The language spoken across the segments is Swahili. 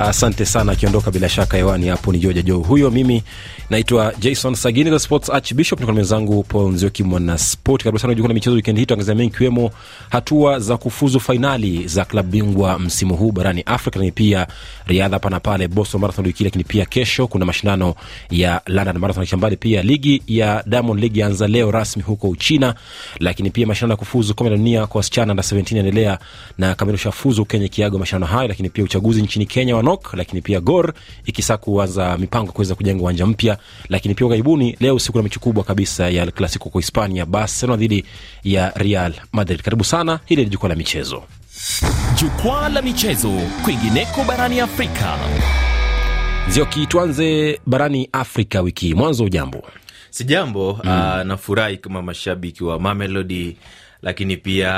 Asante sana. Akiondoka bila shaka hewani hapo ni Joja Jo huyo. Mimi naitwa Jason Sagini, the sports archbishop, nikona mwenzangu Paul Nzioki, mwana sport. Kabla sana jukwaa michezo wikendi hii, tuangazia mengi ikiwemo hatua za kufuzu fainali za klabu bingwa msimu huu barani Afrika, lakini pia riadha pana pale, Boston Marathon wiki, lakini pia kesho kuna mashindano ya London Marathon kishambali pia ligi ya Diamond League yaanza leo rasmi huko Uchina, lakini pia mashindano ya kufuzu kombe la dunia kwa wasichana na 17 yanaendelea na kamerusha fuzu Kenya kiago mashindano hayo, lakini pia uchaguzi nchini Kenya wano Monok, lakini pia Gor ikisa kuanza mipango kuweza kujenga uwanja mpya. Lakini pia ughaibuni, leo usiku na mechi kubwa kabisa ya Klasiko kwa Hispania, Barcelona dhidi ya Real Madrid. Karibu sana, hili ni jukwaa la michezo, jukwaa la michezo kwingineko barani Afrika. Zioki, tuanze barani Afrika wiki hii. Mwanzo ujambo? Sijambo. Mm. Uh, nafurahi kama mashabiki wa Mamelodi lakini pia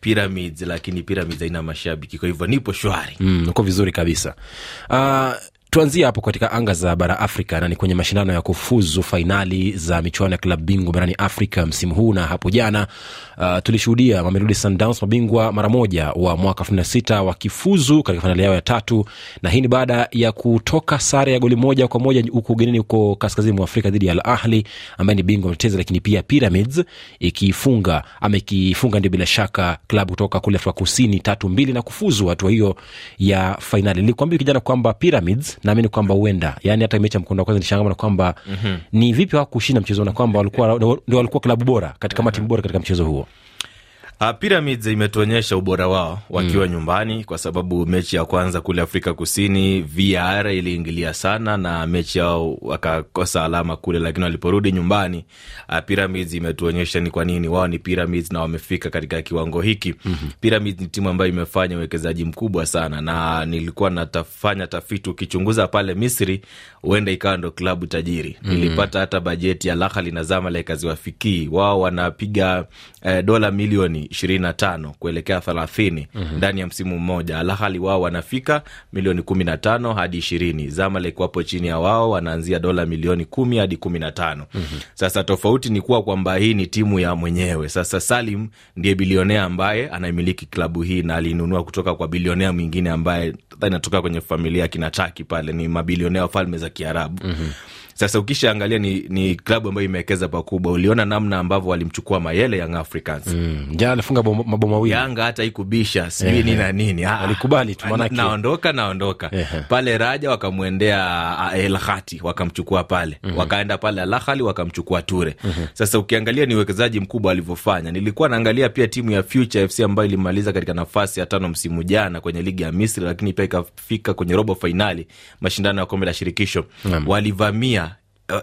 Pyramids, lakini Pyramids haina mashabiki, kwa hivyo nipo shwari. Mm, uko vizuri kabisa. Uh, Tuanzie hapo katika anga za bara Afrika, na ni kwenye mashindano ya kufuzu fainali za michuano ya klabu bingwa barani Afrika msimu huu. Na hapo jana uh, tulishuhudia Mamelodi Sundowns, mabingwa mara moja wa mwaka elfu mbili na sita, wakifuzu katika fainali yao ya tatu, na hii ni baada ya kutoka sare ya goli moja kwa moja huku ugenini, huko kaskazini mwa Afrika dhidi ya Al Ahli ambaye ni bingwa mtetezi, lakini pia Pyramids ikifunga ama ikifunga ndio bila shaka klabu kutoka kule Afrika Kusini tatu mbili na kufuzu hatua hiyo ya fainali. Nilikuambia kijana kwamba Pyramids naamini kwamba huenda yani hata mechi ya mkondo wa kwanza nishangamana kwamba mm-hmm. ni vipi kushinda mchezo na kwamba walikuwa ndio walikuwa klabu bora katika mm-hmm. matimu bora katika mchezo huo Ah, pyramids imetuonyesha ubora wao wakiwa mm. nyumbani, kwa sababu mechi ya kwanza kule Afrika Kusini VAR iliingilia sana na mechi yao wakakosa alama kule, lakini waliporudi nyumbani ah, Pyramids imetuonyesha ni kwa nini wao ni Pyramids na wamefika katika kiwango hiki. mm-hmm. Pyramids ni timu ambayo imefanya uwekezaji mkubwa sana, na nilikuwa natafanya tafiti ukichunguza pale Misri huenda ikawa ndo klabu tajiri. mm-hmm. ilipata hata bajeti ya lahali na Zamalek haziwafikii wao, wanapiga eh, dola milioni ishirini na tano kuelekea thelathini mm-hmm. ndani ya msimu mmoja. lahali wao wanafika milioni kumi na tano hadi ishirini. Zamalek wapo chini ya wao, wanaanzia dola milioni kumi hadi kumi na tano. mm-hmm. Sasa tofauti ni kuwa kwamba hii ni timu ya mwenyewe. Sasa Salim ndiye bilionea ambaye anamiliki klabu hii na alinunua kutoka kwa bilionea mwingine ambaye inatoka kwenye familia ya kinataki pale, ni mabilionea wafalme za Kiarabu mm-hmm sasa ukishaangalia ni, ni klabu ambayo imewekeza pakubwa. Uliona namna ambavyo walimchukua Mayele Young Africans mm. Jana alifunga mabao mawili, Yanga hata ikubisha sijui na nini, ah, walikubali tu naondoka naondoka pale Raja wakamwendea ah, El Khati wakamchukua pale mm -hmm. wakaenda pale Al Ahly wakamchukua Ture mm -hmm. Sasa ukiangalia ni uwekezaji mkubwa Nilikuwa naangalia pia timu ya Future FC ambayo ilimaliza katika nafasi ya tano msimu jana kwenye ligi ya Misri, lakini pia ikafika kwenye robo fainali mashindano ya kombe la shirikisho mm -hmm. walivamia Uh,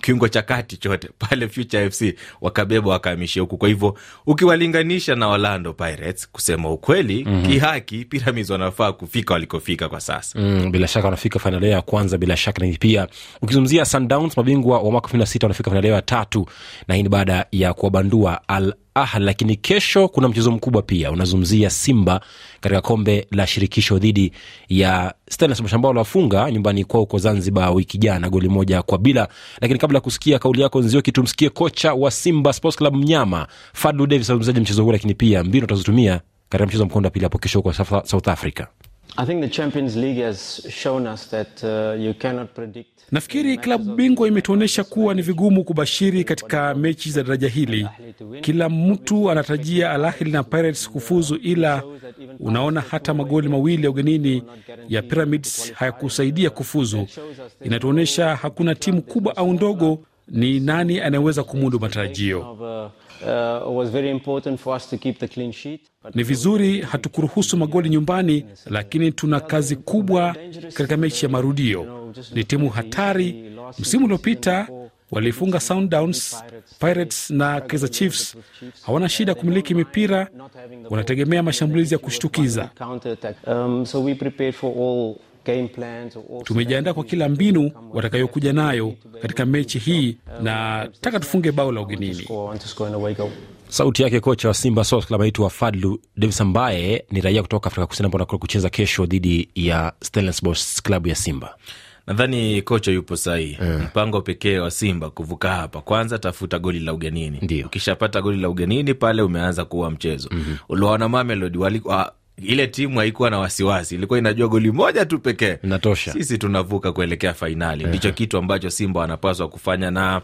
kiungo cha kati chote pale Future FC wakabeba wakahamishia huku. Kwa hivyo ukiwalinganisha na Orlando Pirates, kusema ukweli mm -hmm. kihaki Pyramids wanafaa kufika walikofika kwa sasa mm, bila shaka wanafika fainali ya kwanza bila shaka, lakini pia ukizungumzia Sundowns, mabingwa wa mwaka 6 wanafika fainali ya tatu, na hii ni baada ya kuwabandua Al Ahly, lakini kesho kuna mchezo mkubwa pia unazungumzia Simba katika kombe la shirikisho dhidi ya Stellenbosch, lafunga nyumbani kwao huko Zanzibar wiki jana goli moja kwa bila. Lakini kabla ya kusikia kauli yako Nzioki, tumsikie kocha wa Simba Sports Club mnyama Fadlu Davis azungumzaje mchezo huu, lakini pia mbinu utazotumia katika mchezo wa mkondo wa pili hapo kesho huko South Africa. Uh, Nafikiri klabu bingwa imetuonyesha kuwa ni vigumu kubashiri katika mechi za daraja hili. Kila mtu anatarajia Al Ahly na Pirates kufuzu, ila unaona hata magoli mawili ya ugenini ya Pyramids hayakusaidia kufuzu. Inatuonyesha hakuna timu kubwa au ndogo, ni nani anayeweza kumudu matarajio. Uh, Uh, Ni vizuri hatukuruhusu magoli nyumbani, lakini tuna kazi kubwa katika mechi ya marudio. Ni timu hatari. Msimu uliopita walifunga Sundowns, Pirates na Kaizer Chiefs. Hawana shida kumiliki mipira, wanategemea mashambulizi ya kushtukiza. Tumejiandaa kwa kila mbinu watakayokuja nayo katika mechi hii, na taka tufunge bao la ugenini. Sauti yake kocha wa Simba Sports Club anaitwa Fadlu Davis, ambaye ni raia kutoka Afrika Kusini, ambao anakuwa kucheza kesho dhidi ya Stellenbosch klabu ya Simba. Nadhani kocha yupo sahihi. Yeah. Mpango pekee wa Simba kuvuka hapa, kwanza tafuta goli la ugenini. Ukishapata goli la ugenini pale, umeanza kuwa mchezo. mm -hmm. Uliwaona Mamelodi ile timu haikuwa na wasiwasi, ilikuwa inajua goli moja tu pekee inatosha, sisi tunavuka kuelekea fainali. Eh. Ndicho kitu ambacho Simba wanapaswa kufanya, na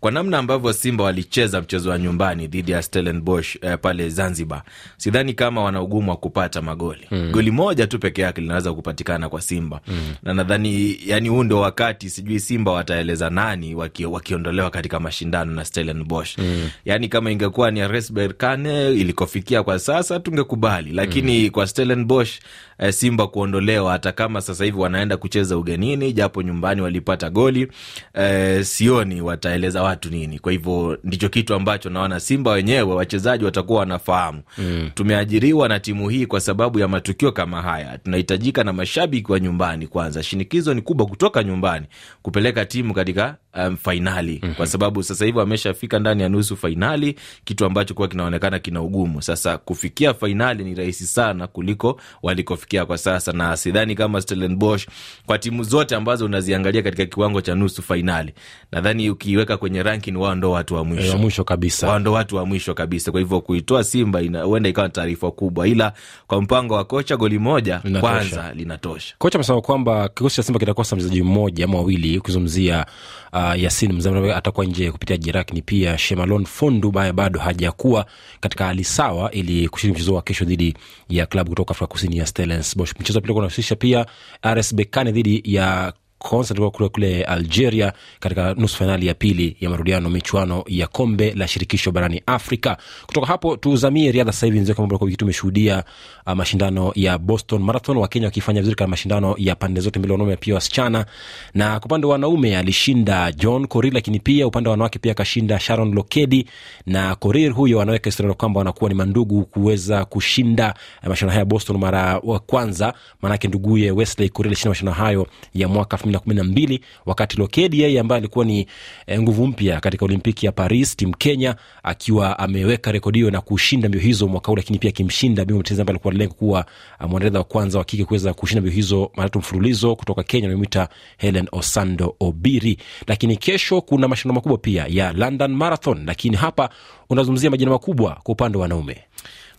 kwa namna ambavyo Simba walicheza mchezo wa nyumbani dhidi ya Stellenbosch eh, pale Zanzibar, sidhani kama wana ugumu wa kupata magoli mm. Goli moja tu peke yake linaweza kupatikana kwa Simba mm. na nadhani yani, huu ndio wakati, sijui Simba wataeleza nani waki, wakiondolewa katika mashindano na Stellenbosch mm. Yani kama ingekuwa ni RS Berkane ilikofikia kwa sasa tungekubali, lakini mm kwa Stellenbosch eh, Simba kuondolewa, hata kama sasa hivi wanaenda kucheza ugenini, japo nyumbani walipata goli eh, sioni wataeleza watu nini. Kwa hivyo ndicho kitu ambacho naona Simba wenyewe wachezaji watakuwa wanafahamu mm. Tumeajiriwa na timu hii kwa sababu ya matukio kama haya, tunahitajika na mashabiki wa nyumbani. Kwanza shinikizo ni kubwa kutoka nyumbani kupeleka timu katika um, fainali mm -hmm. Kwa sababu sasa hivi wameshafika ndani ya nusu fainali, kitu ambacho kuwa kinaonekana kina ugumu. Sasa kufikia fainali ni rahisi sana sana kuliko walikofikia kwa sasa, na sidhani kama Stellenbosch kwa timu zote ambazo unaziangalia katika kiwango cha nusu fainali, nadhani ukiweka kwenye ranking, wao ndo watu wa mwisho, eh, wa mwisho kabisa, wao ndo watu wa mwisho kabisa. Kwa hivyo kuitoa Simba huenda ikawa taarifa kubwa, ila kwa mpango wa kocha, goli moja linatosha, kwanza linatosha. Kocha amesema kwamba kikosi cha Simba kitakosa mchezaji mmoja ama wawili, ukizungumzia uh, Yasin Mzamra atakuwa nje kupitia jeraha, lakini pia Shemalon Fondu baye bado hajakuwa katika hali sawa ili kushiriki mchezo wa kesho dhidi ya klabu kutoka Afrika Kusini ya Stellenbosch. Mchezo pili kunahusisha pia RS Berkane dhidi ya Konsa alikuwa kule kule Algeria katika nusu fainali ya pili ya marudiano michuano ya kombe la shirikisho barani Afrika. Kutoka hapo tuzamie riadha sasa hivi, tumeshuhudia uh, mashindano ya Boston Marathon, Wakenya wakifanya vizuri katika mashindano ya pande zote mbili, wanaume pia wasichana. Na kwa upande wa wanaume alishinda John Korir, lakini pia upande wa wanawake pia akashinda Sharon Lokedi, na Korir huyo anaweka historia kwamba wanakuwa ni mandugu kuweza kushinda uh, mashindano haya Boston mara wa kwanza, maanake nduguye Wesley Korir alishinda mashindano hayo ya mwaka kumi na kumi na mbili wakati Lokedi yeye ambaye alikuwa ni eh, nguvu mpya katika Olimpiki ya Paris timu Kenya akiwa ameweka rekodi hiyo na kushinda mbio hizo mwaka huu, lakini pia akimshinda Bima Mtetezi ambaye alikuwa lengo kuwa eh, mwanariadha wa kwanza wa kike kuweza kushinda mbio hizo mara tatu mfululizo kutoka Kenya anayomwita Helen Osando Obiri. Lakini kesho kuna mashindano makubwa pia ya London Marathon, lakini hapa unazungumzia majina makubwa kwa upande wa wanaume.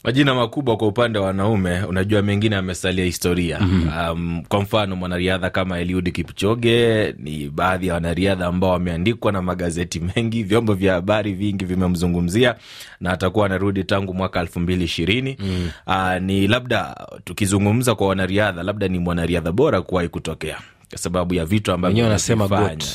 Majina makubwa kwa upande wa wanaume, unajua mengine amesalia historia. mm -hmm. Um, kwa mfano mwanariadha kama Eliud Kipchoge ni baadhi ya wanariadha ambao wameandikwa na magazeti mengi, vyombo vya habari vingi vimemzungumzia na atakuwa anarudi tangu mwaka elfu mbili ishirini. mm -hmm. Uh, ni labda tukizungumza kwa wanariadha, labda ni mwanariadha bora kuwahi kutokea kwa sababu ya vitu ambavyo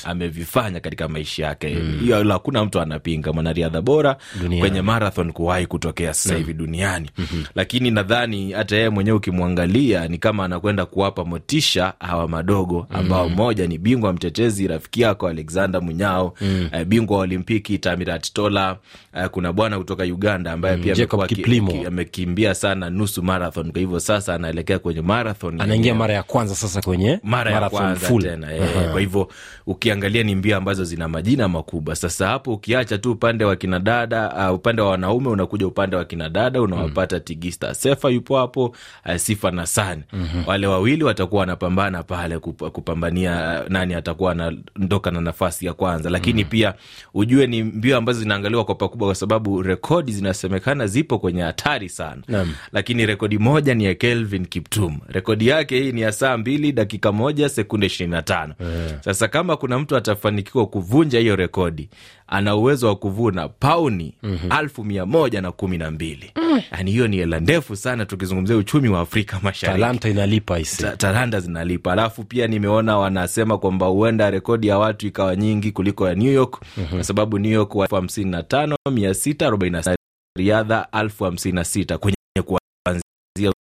amevifanya katika maisha yake hmm. hiyo mm. hakuna mtu anapinga mwanariadha bora duniani. kwenye marathon kuwahi kutokea sasa hmm. hivi mm. duniani mm-hmm. lakini nadhani hata yeye mwenyewe ukimwangalia ni kama anakwenda kuwapa motisha hawa madogo ambao mm. moja ni bingwa mtetezi rafiki yako Alexander Munyao mm. eh, bingwa wa Olimpiki Tamirat Tola uh, kuna bwana kutoka Uganda ambaye mm. pia Jacob Kiplimo sana nusu marathon kwa hivyo sasa anaelekea kwenye marathon anaingia mara ya kwanza sasa kwenye mara ya kwanza tena e, kwa hivyo ukiangalia ni mbio ambazo zina majina makubwa. Sasa hapo ukiacha tu upande wa kinadada uh, upande wa wanaume unakuja upande wa kinadada unawapata mm. Tigista Sefa yupo hapo uh, Sifa na San mm-hmm. wale wawili watakuwa wanapambana pale kup, kupambania uh, nani atakuwa anaondoka na nafasi ya kwanza, lakini mm-hmm. pia ujue ni mbio ambazo zinaangaliwa kwa pakubwa, kwa sababu rekodi zinasemekana zipo kwenye hatari sana mm. lakini rekodi moja ni ya Kelvin Kiptum, rekodi yake hii ni ya saa mbili dakika moja sekunde sekunde tano. Yeah. Sasa kama kuna mtu atafanikiwa kuvunja hiyo rekodi, ana uwezo wa kuvuna pauni mm -hmm. alfu mia moja na kumi na mbili. Mm. Yani hiyo ni hela ndefu sana, tukizungumzia uchumi wa Afrika Mashariki. Talanta inalipa isi. Ta, talanta zinalipa. Alafu pia nimeona wanasema kwamba huenda rekodi ya watu ikawa nyingi kuliko ya New York mm -hmm. kwa sababu New York wa hamsini na tano mia sita arobaini na sita riadha alfu hamsini na sita kwenye kuanzia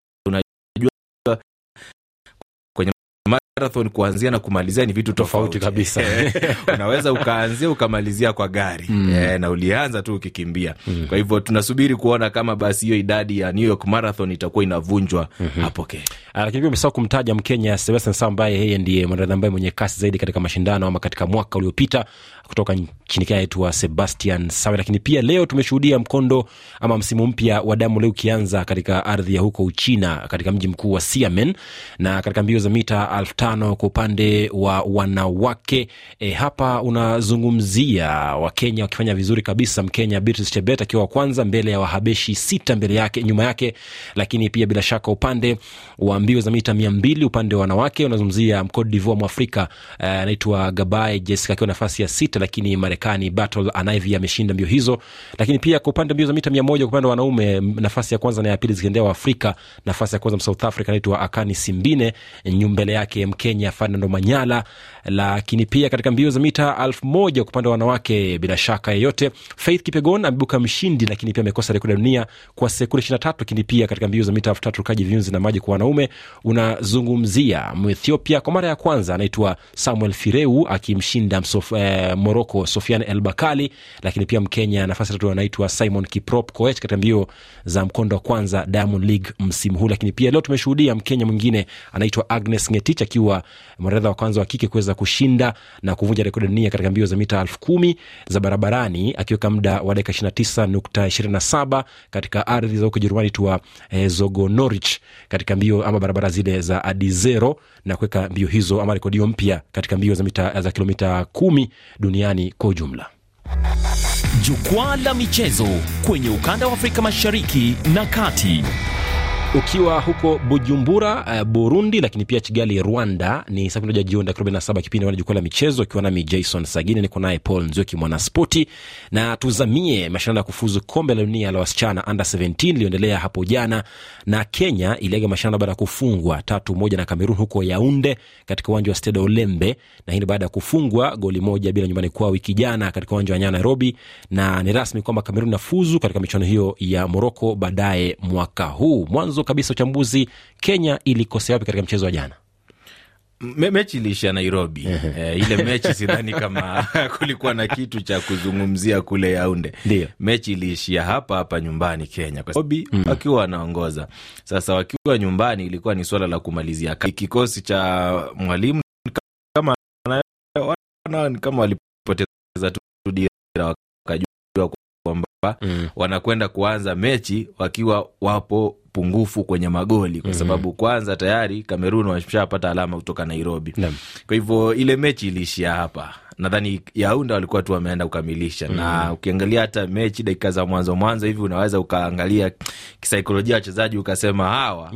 marathon kuanzia na kumalizia ni vitu tofauti, tofauti kabisa. Unaweza ukaanzia ukamalizia kwa gari mm. E, na ulianza tu ukikimbia mm. Kwa hivyo tunasubiri kuona kama basi hiyo idadi ya New York Marathon itakuwa inavunjwa mm -hmm. hapo ke. Ah, lakini pia umesahau kumtaja Mkenya Sebastian Sam ambaye yeye ndiye mwanariadha ambaye mwenye kasi zaidi katika mashindano ama katika mwaka uliopita kutoka nchini Kenya yetu Sebastian Sawe. Lakini pia leo tumeshuhudia mkondo ama msimu mpya wa damu leo ukianza katika ardhi ya huko Uchina, katika mji mkuu wa Xiamen, na katika mbio za mita elfu tano kwa upande wa wanawake e, hapa unazungumzia Wakenya wakifanya vizuri kabisa, Mkenya Beatrice Chebet akiwa wa kwanza mbele ya Wahabeshi sita mbele yake nyuma yake, lakini pia bila shaka upande wa mbio za mita mia mbili upande wa wanawake unazungumzia Mcote d'Ivoire Mwafrika e, anaitwa uh, Gabaye Jessica akiwa nafasi ya sita mita lakini Marekani Battle Anavi ameshinda mbio hizo. Lakini pia kwa upande mbio za mita mia moja kwa upande wa wanaume, nafasi ya kwanza na ya pili zikiendea Waafrika. Nafasi ya kwanza Msouth Africa anaitwa Akani Simbine, mbele yake Mkenya Fernando Manyala. Lakini pia katika mbio za mita elfu moja kwa upande wa wanawake, bila shaka yeyote, Faith Kipegon ameibuka mshindi, lakini pia amekosa rekodi ya dunia kwa sekunde 23. Lakini pia katika mbio za mita elfu tatu rukaji viunzi na maji kwa wanaume, unazungumzia Mwethiopia kwa mara ya kwanza anaitwa Samuel Fireu akimshinda msof, eh, Morocco Sofian El Bakali, lakini pia Mkenya nafasi tatu anaitwa Simon Kiprop Koech katika mbio za mkondo wa kwanza Diamond League msimu huu. Lakini pia leo tumeshuhudia Mkenya mwingine anaitwa Agnes Ngetich akiwa mwanariadha wa kwanza wa kike kuweza kushinda na kuvunja rekodi dunia katika mbio za mita elfu kumi za barabarani akiweka muda wa dakika na na tisa nukta saba katika ardhi za huko Jerumani tua eh, Zogonorich katika mbio ama barabara zile za Adizero na kuweka mbio hizo ama rekodi hiyo mpya katika mbio za, mita, za kilomita kumi dunia duniani kwa ujumla. Jukwaa la michezo kwenye ukanda wa Afrika Mashariki na Kati ukiwa huko Bujumbura uh, Burundi, lakini pia Kigali Rwanda. Ni saa kumi moja jioni dakika arobaini na saba kipindi wana jukwaa la michezo, ukiwa nami Jason Sagini, niko naye Paul Nzioki mwanaspoti, na tuzamie mashindano ya kufuzu kombe la dunia la wasichana under 17 iliyoendelea hapo jana, na Kenya iliaga mashindano baada ya kufungwa tatu moja na Kamerun huko Yaunde katika uwanja wa Stade Olembe, na hii ni baada ya kufungwa goli moja bila nyumbani kwao wiki jana katika uwanja wa Nyayo Nairobi, na ni rasmi kwamba Kamerun nafuzu katika michuano hiyo ya Moroko baadaye mwaka huu mwanzo kabisa uchambuzi kenya ilikosea wapi katika mchezo wa jana Me, mechi iliishia Nairobi. e, ile mechi sidhani kama kulikuwa na kitu cha kuzungumzia kule Yaunde. Dio. mechi iliishia hapa hapa nyumbani Kenya kwa mm. wakiwa wanaongoza sasa, wakiwa nyumbani ilikuwa ni swala la kumalizia kikosi cha mwalimu kama, kama walipoteza tu dira hapa mm. wanakwenda kuanza mechi wakiwa wapo pungufu kwenye magoli kwa mm-hmm. sababu kwanza tayari Kamerun washapata alama kutoka Nairobi. Kwa hivyo ile mechi iliishia hapa nadhani Yaunda walikuwa tu wameenda kukamilisha mm. na mm-hmm. ukiangalia hata mechi dakika za mwanzo mwanzo hivi unaweza ukaangalia kisaikolojia wachezaji ukasema hawa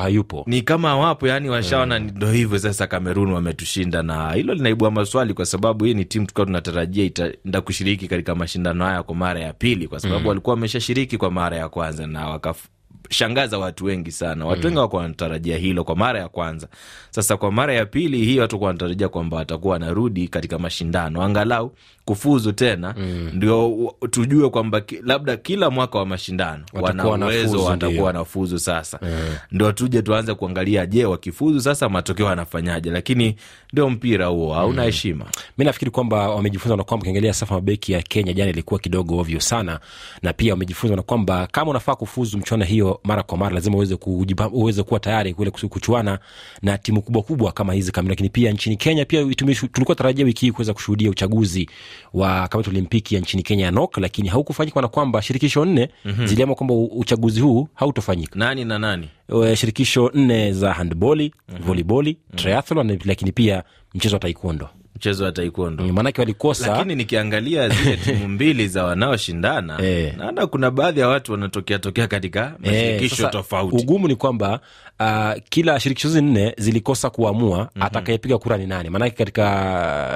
hayupo ni kama wapo, yani washaona mm. ndo hivyo sasa, Kamerun wametushinda, na hilo linaibua maswali kwa sababu hii ni timu tulikuwa tunatarajia itaenda kushiriki katika mashindano haya kwa mara ya pili, kwa sababu mm. walikuwa wameshashiriki kwa mara ya kwanza na wakafu kushangaza watu wengi sana. Watu mm. wengi wako wanatarajia hilo kwa mara ya kwanza. Sasa kwa mara ya pili hii watu wanatarajia kwamba watakuwa wanarudi katika mashindano angalau kufuzu tena mm. Ndio tujue kwamba labda kila mwaka wa mashindano wanauwezo uwezo watakuwa wanafuzu sasa yeah. Ndio tuje tuanze kuangalia, je, wakifuzu sasa matokeo anafanyaje? Lakini ndio mpira huo hauna mm. heshima mm. Mi nafikiri kwamba wamejifunza na kwamba ukiangalia safa mabeki ya Kenya jana ilikuwa kidogo ovyo sana, na pia wamejifunza na kwamba kama unafaa kufuzu mchuano hiyo mara kwa mara, lazima uweze, kujipa, uweze kuwa tayari kule kuchuana na timu kubwa kubwa kama hizi kamili. Lakini pia nchini Kenya pia tulikuwa tarajia wiki hii kuweza kushuhudia uchaguzi wa kamati olimpiki ya nchini Kenya nok lakini haukufanyika na kwamba shirikisho nne mm-hmm. ziliamua kwamba uchaguzi huu hautofanyika. Nani na nani? Shirikisho nne za handboli, mm-hmm. voliboli, mm-hmm. triathlon, lakini pia mchezo wa taikondo mchezo wa taekwondo mm, maanake walikosa. Lakini nikiangalia zile timu mbili za wanaoshindana e, eh. naona kuna baadhi ya watu wanatokea tokea katika eh, mashirikisho e, tofauti. Ugumu ni kwamba uh, kila shirikisho hizi nne zilikosa kuamua mm-hmm. atakayepiga kura ni nani. Maanake katika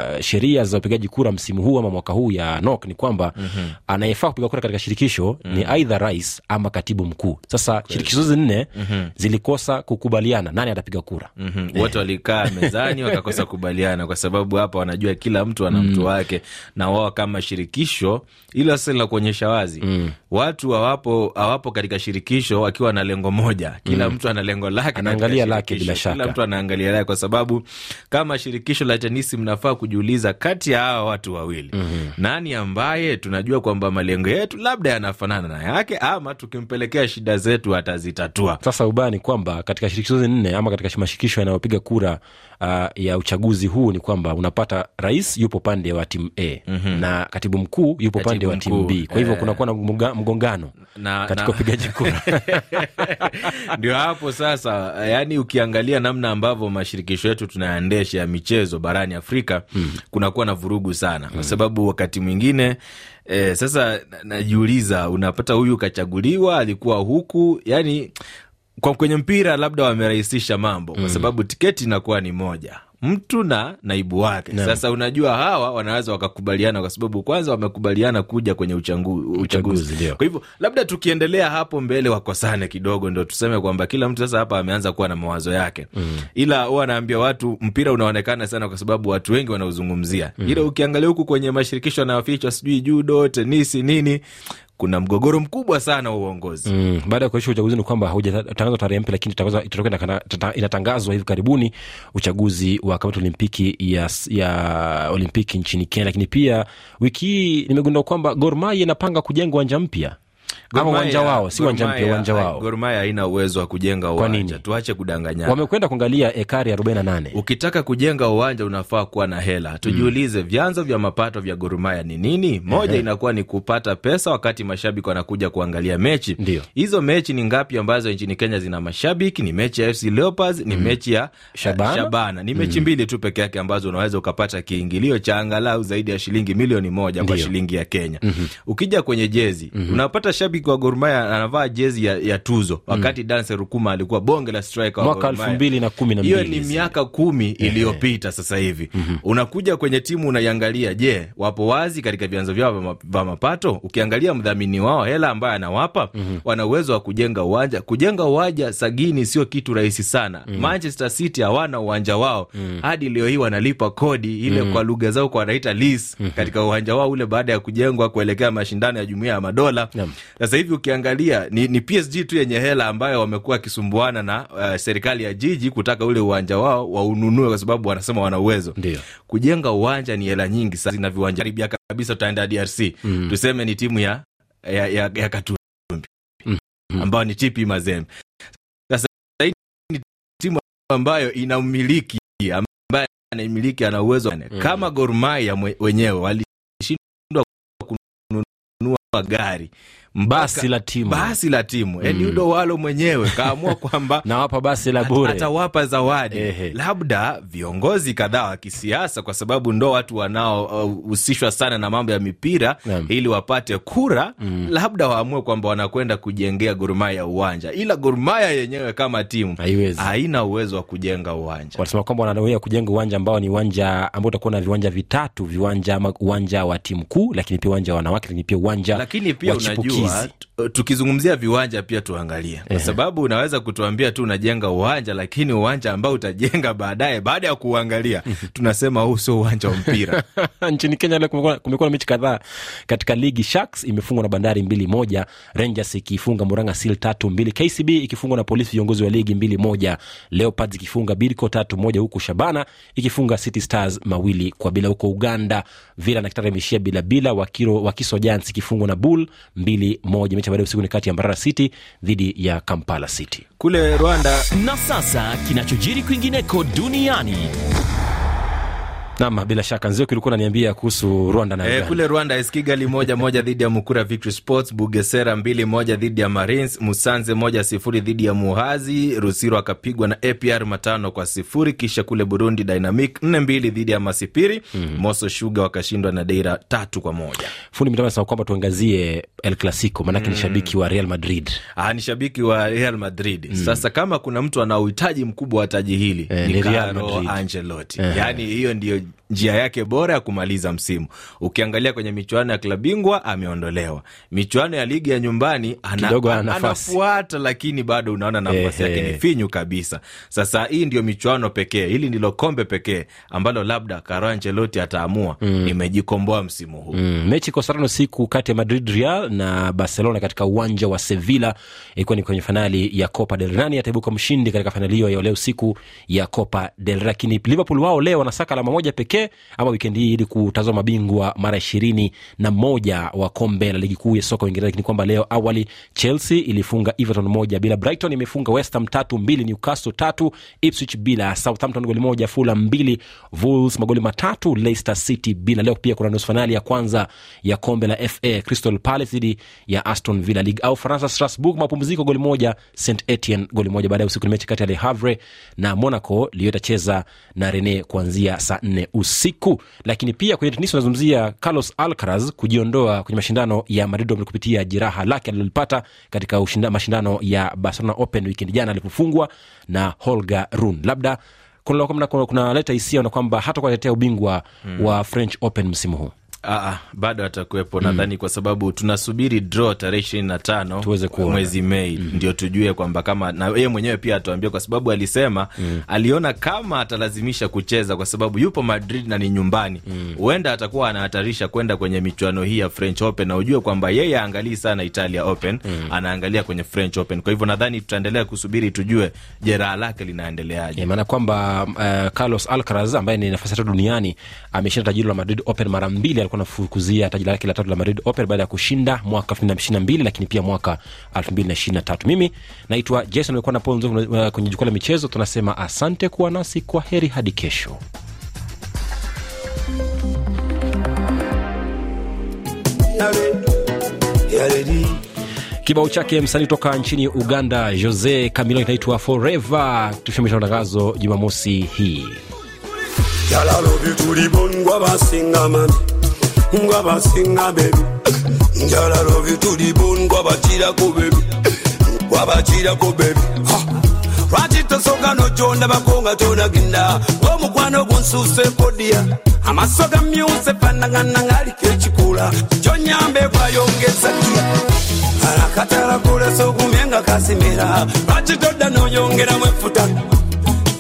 ah, sheria za upigaji kura msimu huu ama mwaka huu ya NOK ni kwamba mm-hmm. anayefaa kupiga kura katika shirikisho mm-hmm. ni aidha mhm. rais ama katibu mkuu. Sasa Kwezi. shirikisho hizi nne mm-hmm. zilikosa kukubaliana nani atapiga kura mm-hmm. wote walikaa mezani wakakosa kubaliana, kwa sababu hapa wanajua kila mtu ana mtu mm. wake, na wao kama shirikisho hilo sasa la kuonyesha wazi mm. watu hawapo katika shirikisho wakiwa na lengo moja, kila mm. mtu ana lengo lake, anaangalia lake bila shaka, kila mtu anaangalia lake, kwa sababu kama shirikisho la tenisi mnafaa kujiuliza kati ya hawa watu wawili mm-hmm. nani ambaye tunajua kwamba malengo yetu labda yanafanana na yake, ama tukimpelekea shida zetu atazitatua. Sasa ubani kwamba katika shirikisho zote nne ama katika mashirikisho yanayopiga kura uh, ya uchaguzi huu ni kwamba unapata rais yupo pande wa timu A mm-hmm. na katibu mkuu yupo katibu pande wa timu B, kwa hivyo eh. kunakuwa na mgongano katika upigaji kura ndio hapo sasa sasa, eh, yani ukiangalia namna ambavyo mashirikisho yetu tunayaendesha ya michezo barani Afrika hmm. kunakuwa na vurugu sana kwa hmm. sababu wakati mwingine e, sasa najiuliza, unapata huyu kachaguliwa alikuwa huku yani kwa kwenye mpira labda wamerahisisha mambo kwa hmm. sababu tiketi inakuwa ni moja mtu na naibu wake na. Sasa unajua hawa wanaweza wakakubaliana, kwa sababu kwanza wamekubaliana kuja kwenye uchangu, uchaguzi. Kwa hivyo labda tukiendelea hapo mbele wakosane kidogo, ndo tuseme kwamba kila mtu sasa hapa ameanza kuwa na mawazo yake mm. Ila huwa anaambia watu mpira unaonekana sana kwa sababu watu wengi wanauzungumzia mm. Ila ukiangalia huku kwenye mashirikisho yanayofichwa, sijui judo, tenisi, nini kuna mgogoro mkubwa sana wa uongozi mm. Baada ya kuisha uchaguzi, ni kwamba haujatangazwa tarehe mpya, lakini inatangazwa hivi karibuni uchaguzi wa kamati olimpiki ya, ya olimpiki nchini Kenya. Lakini pia wiki hii nimegundua kwamba Gor Mahia inapanga kujenga uwanja mpya ama uwanja wao, si uwanja mpya, uwanja wao. Gor Mahia haina uwezo wa kujenga uwanja, tuache kudanganyana. Wamekwenda kuangalia ekari 48. Ukitaka kujenga uwanja unafaa kuwa na hela. Mm. Tujiulize mm. vyanzo vya mapato vya Gor Mahia ni nini? Moja uh -huh. inakuwa ni kupata pesa wakati mashabiki wanakuja kuangalia mechi. Ndiyo. Hizo mechi ni ngapi ambazo nchini Kenya zina mashabiki? Ni mechi ya FC Leopards, ni mm. mechi ya eh, Shabana, Shabana. Ni mechi mm. mbili tu peke yake ambazo unaweza ukapata kiingilio cha angalau zaidi ya shilingi milioni moja Ndiyo. kwa shilingi ya Kenya. Mm -hmm. Ukija kwenye jezi mm -hmm. unapata shabiki siku ya Gor Mahia anavaa jezi ya, ya tuzo mm. wakati mm. Dance Rukuma alikuwa bonge la striker mwaka elfu mbili na kumi na mbili. Hiyo ni miaka kumi iliyopita sasa hivi mm -hmm. Unakuja kwenye timu unaiangalia, je, wapo wazi katika vyanzo vyao vya mapato? Ukiangalia mdhamini wao hela ambayo anawapa mm -hmm. wana uwezo wa kujenga uwanja. Kujenga uwanja sagini sio kitu rahisi sana mm -hmm. Manchester City hawana uwanja wao mm -hmm. hadi leo hii wanalipa kodi ile mm -hmm. kwa lugha zao kwa wanaita lease mm -hmm. katika uwanja wao ule baada ya kujengwa kuelekea mashindano ya Jumuiya ya Madola yeah. Sasa hivi ukiangalia ni, ni PSG tu yenye hela ambayo wamekuwa wakisumbuana na uh, serikali ya jiji kutaka ule uwanja wao waununue kwa sababu wanasema wana uwezo. Ndio. Kujenga uwanja ni hela nyingi sana na viwanja karibia kabisa tutaenda DRC. Mm. Tuseme ni timu ya ya, ya, ya Katumbi. Mm. mm. ambayo ni TP Mazembe. Sasa hii ni timu ambayo inamiliki ambaye anaimiliki ana uwezo mm. Kama Gor Mahia wenyewe walishindwa kununua gari basi la timu, basi la timu yaani mm. Yani Udo Walo mwenyewe kaamua kwamba nawapa basi la bure, atawapa zawadi Ehe. Labda viongozi kadhaa wa kisiasa, kwa sababu ndo watu wanaohusishwa uh, sana na mambo ya mipira yeah. Ili wapate kura mm. Labda waamue kwamba wanakwenda kujengea gurumaya ya uwanja, ila gurumaya yenyewe kama timu haiwezi, haina uwezo wa kujenga uwanja. Wanasema kwamba wanaweza kujenga uwanja ambao ni uwanja ambao utakuwa na viwanja vitatu, viwanja uwanja wa timu kuu, lakini pia uwanja wa wanawake, lakini pia uwanja lakini pia unajua kuwa eh, tukizungumzia viwanja pia tuangalie, kwa sababu unaweza kutuambia tu unajenga uwanja, lakini uwanja ambao utajenga baadaye baada ya kuuangalia tunasema huu sio uwanja wa mpira. Nchini Kenya leo kumekuwa na mechi kadhaa katika ligi. Sharks imefungwa na Bandari mbili moja, Rangers ikifunga Murang'a Seal tatu mbili, KCB ikifungwa na Polisi viongozi wa ligi mbili moja, Leopards ikifunga Bidco tatu moja, huku Shabana ikifunga City Stars mawili kwa bila. Huko Uganda Villa na Kitara imeishia bila bila, Wakiso Giants ikifungwa na Bull mbili moja mechi baada ya usiku ni kati ya mbarara city dhidi ya kampala city kule rwanda na sasa kinachojiri kwingineko duniani Nam, bila shaka nzio kilikuwa naniambia kuhusu Rwanda na E, kule Rwanda AS Kigali moja moja dhidi ya Mukura Victory Sports, Bugesera mbili moja dhidi ya Marines, Musanze moja sifuri dhidi ya Muhazi, Rusiro akapigwa na APR matano kwa sifuri. Kisha kule Burundi Dynamic nne mbili dhidi ya Masipiri mm -hmm. Moso Shuga wakashindwa na Deira tatu kwa moja. Fundi mitaa anasema kwamba tuangazie El Clasico maanake mm. ni shabiki wa Real Madrid. Ah, ni shabiki wa Real Madrid mm. Sasa kama kuna mtu ana uhitaji mkubwa wa taji hili eh, ni Carlo Ancelotti eh. Yani hiyo ndio njia yake bora ya kumaliza msimu. Ukiangalia kwenye michuano ya klabu bingwa ameondolewa, michuano ya ligi ya nyumbani ana, anafuata, lakini bado unaona nafasi yake ni finyu kabisa. Sasa hii ndio michuano pekee, hili ndilo kombe pekee ambalo labda Carlo Ancelotti ataamua mm. imejikomboa msimu huu mm. mechi iko sarano siku kati ya Madrid Real na Barcelona katika uwanja wa Sevilla, ilikuwa ni kwenye fainali ya Copa del Rey. Nani ataibuka mshindi katika fainali hiyo ya leo siku ya Copa del Rey? Lakini Liverpool wao leo wanasaka alama moja pekee ama wikendi hii ili kutazama mabingwa mara ishirini na moja wa kombe la ligi kuu ya soka Uingereza. Lakini kwamba leo awali Chelsea ilifunga Everton moja bila, Brighton imefunga westham tatu mbili, Newcastle tatu, Ipswich bila, Southampton goli moja, fula mbili, vols magoli matatu, Leicester City bila. Leo pia kuna nusu fainali ya kwanza ya kombe la FA, Crystal Palace dhidi ya Aston Villa. league au Faransa, Strasbourg mapumziko goli moja, st etien goli moja. baada ya usiku ni mechi kati ya Le Havre na Monaco, iliyo itacheza na Rene kuanzia saa nne usiku. Lakini pia kwenye tenisi unazungumzia Carlos Alcaraz kujiondoa kwenye mashindano ya Madrid kupitia jeraha lake alilolipata katika ushinda, mashindano ya Barcelona Open wikendi jana alipofungwa na holga run Labda kunaleta kuna hisia na kwamba hata kuwatetea ubingwa mm. wa French Open msimu huu Aa, ah, ah, bado atakuwepo mm. Nadhani kwa sababu tunasubiri draw tarehe ishirini na tano mwezi Mei mm. Ndio tujue kwamba kama na yeye mwenyewe pia atuambia, kwa sababu alisema mm. aliona kama atalazimisha kucheza kwa sababu yupo Madrid na ni nyumbani, mm. huenda mm. atakuwa anahatarisha kwenda kwenye michuano hii ya French Open, na ujue kwamba yeye aangalii sana Italia Open mm. anaangalia kwenye French Open. Kwa hivyo nadhani tutaendelea kusubiri tujue jeraha lake linaendeleaje, maana kwamba uh, Carlos Alcaraz ambaye ni nafasi tatu duniani ameshinda tajiri la Madrid Open mara mbili alikuwa anafukuzia taji lake la tatu la Madrid Open baada ya kushinda mwaka 2022 lakini pia mwaka 2023. Mimi naitwa Jason, alikuwa na Paul Nzungu uh, kwenye jukwaa la michezo. Tunasema asante kuwa nasi, kwa heri hadi kesho. Kibao chake msanii kutoka nchini Uganda, Jose Camilo, inaitwa Forever. Tushamisha matangazo Jumamosi hii. nga basinga bebi njala lovi tuli bon gwabakirako bebi gwabakirako bebi lwaki tosoka nojondabako nga tonaginda ngaomukwana ogunsuseko dia amaso ga myuse fanagana ngaaliko ekikula jonyambe bwayongeza dia arakatalakuleso gumye nga kasimira lwaki todda noyongeramu efuta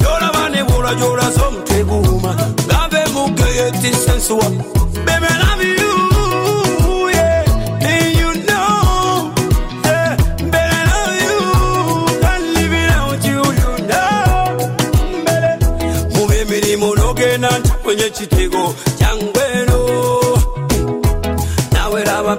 jolaba nebula jolaze omutwe guuma loyauty sensual. Baby, love you, yeah. you know, yeah. Baby, love you. Can't live without you, you know.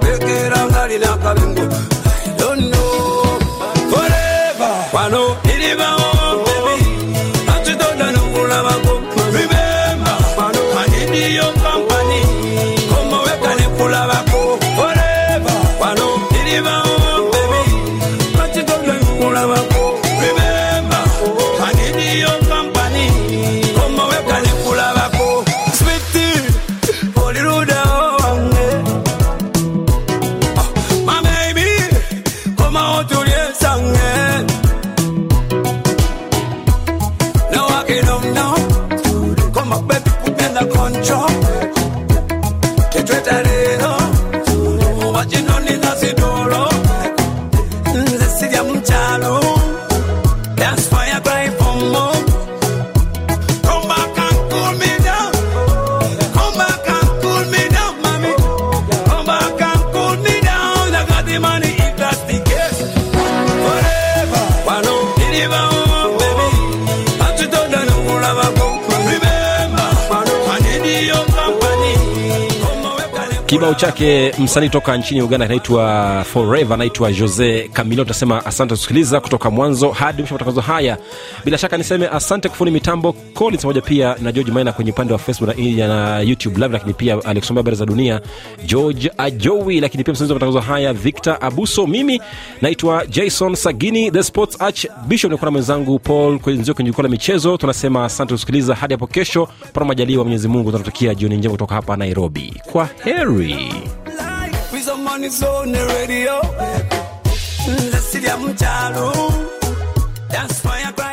Now I get down now. Come on, baby. chake msanii toka nchini uganda anaitwa forever anaitwa jose camilo tunasema asante kusikiliza kutoka mwanzo hadi mwisho matangazo haya bila shaka niseme asante kufuni mitambo collins pamoja pia na george maina kwenye upande wa facebook na, na youtube live lakini pia alikusomea habari za dunia george ajowi lakini pia msanizi wa matangazo haya victor abuso mimi naitwa jason sagini the sports arch bishop nikuwa na mwenzangu paul kwenzio kwenye jukwa la michezo tunasema asante kusikiliza hadi hapo kesho pana majaliwa mwenyezi mungu tunatokia jioni njema kutoka hapa nairobi kwa heri We some money on the radio. Let's see them, That's why I